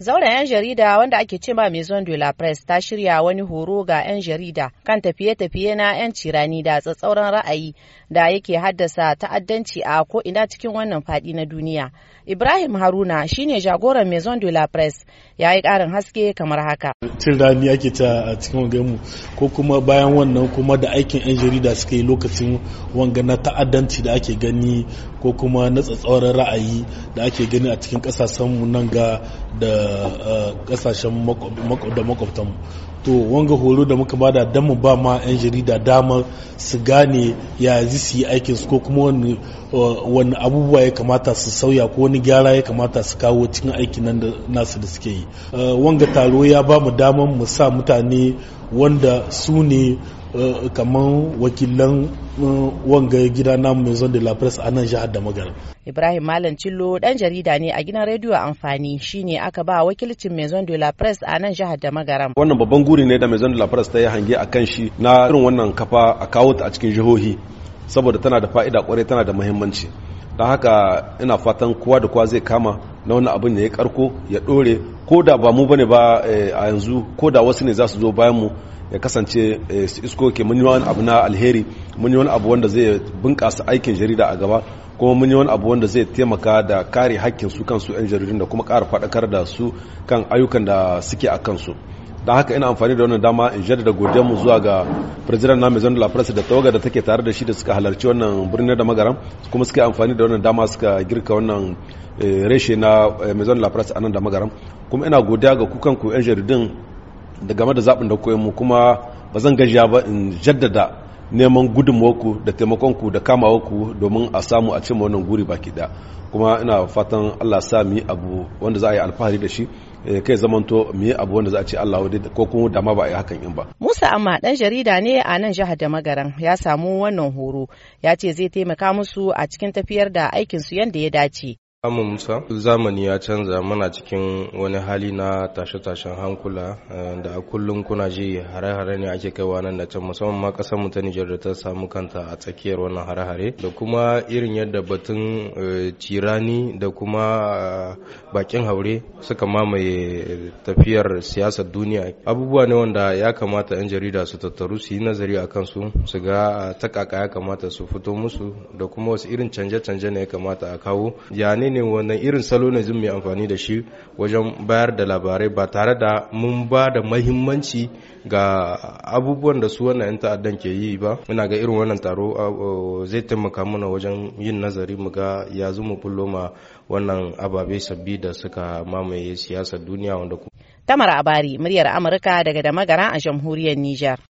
Zauren 'yan jarida wanda ake cewa Maison de la Presse ta shirya wani horo ga 'yan jarida kan tafiye-tafiye na 'yan cirani da tsatsauran ra'ayi da yake haddasa ta'addanci a ko'ina cikin wannan fadi na duniya. Ibrahim Haruna shine jagoran Maison de la Presse ya yi ƙarin haske kamar haka. Cirani ake ta a cikin wanganmu ko kuma bayan wannan kuma da aikin 'yan jarida suka yi lokacin wanga na ta'addanci da ake gani ko kuma na tsatsauran ra'ayi da ake gani a cikin ƙasashenmu nan ga da kasashen da makwabtanmu to wanga horo da muka bada don mu ba ma 'yan jarida damar su gane ya zai su yi aikin su ko kuma uh, wani abubuwa ya kamata su sauya ko wani gyara ya kamata su kawo cikin aikin nan da nasu da suke yi uh, wanga taro ya ba mu damar mu sa mutane wanda su ne uh, kamar wakilan wanga gida namu mai de la presse a nan jihar da magana. Ibrahim Malam Cillo dan jarida ne a gidan rediyo amfani shine aka ba wakilcin mai de la presse a nan jihar da magana. Wannan babban guri ne da mai de la presse ta yi hange a kan shi na irin wannan kafa a kawo ta a cikin jihohi saboda tana da fa'ida kwarai tana da muhimmanci. Don haka ina fatan kowa da kowa zai kama na wani abin da ya karko ya dore ko da ba mu bane ba eh, a yanzu ko da wasu ne za su zo bayan mu ya kasance eh, isko ke mun yi wani abu na alheri mun yi wani abu wanda zai bunƙasa aikin jarida a gaba kuma mun yi wani abu wanda zai taimaka da kare hakkin su kansu 'yan jaridun da kuma kara faɗakar da su kan ayyukan da suke a kansu da haka ina amfani da wannan dama in jaddada godiyarmu zuwa ga president na maison de la presse da tawaga da take tare da shi da suka halarci wannan birni da magaram kuma suka amfani da wannan dama suka girka wannan eh, reshe na eh, maison de la presse anan da magaram kuma ina godiya ga kukan ku yan jaridun da game da zaɓin da koyon mu kuma ba zan gajiya ba in jaddada neman gudunmuwarku da taimakonku da kamawarku domin a samu a cimma wannan guri baki daya kuma ina fatan allah sami abu wanda za a yi alfahari da shi Eh, kai zamanto mu yi abu wanda za a ce Allah wadai ko kuma da ma ba a yi hakan in ba. Musa Amma dan jarida ne a nan jihar da magaran ya samu wannan horo ya ce zai taimaka musu a cikin tafiyar da su yadda ya dace. Amu Musa, zamani ya canza mana cikin wani hali na tashe-tashen hankula eh, da a kullum kuna ji hare-hare ne ake kaiwa nan da can musamman ma kasar mu ta Nijar da ta samu kanta a tsakiyar wannan hare-hare da kuma irin yadda batun eh, cirani da kuma eh, bakin haure suka mamaye tafiyar siyasar duniya. Abubuwa ne wanda ya kamata 'yan jarida su tattaru su yi nazari a kansu su ga ta ya kamata su fito musu da kuma wasu irin canje-canje ne ya kamata a kawo. Ya amfani ne wannan irin salo ne zumi amfani da shi wajen bayar da labarai ba tare da mun ba da mahimmanci ga abubuwan da su wannan 'yan ta'addan ke yi ba muna ga irin wannan taro zai taimaka mana wajen yin nazari mu ga ya zo mu bullo ma wannan ababe sabbi da suka mamaye siyasar duniya wanda Tamara Abari, muryar Amurka daga damagara a jamhuriyar Nijar.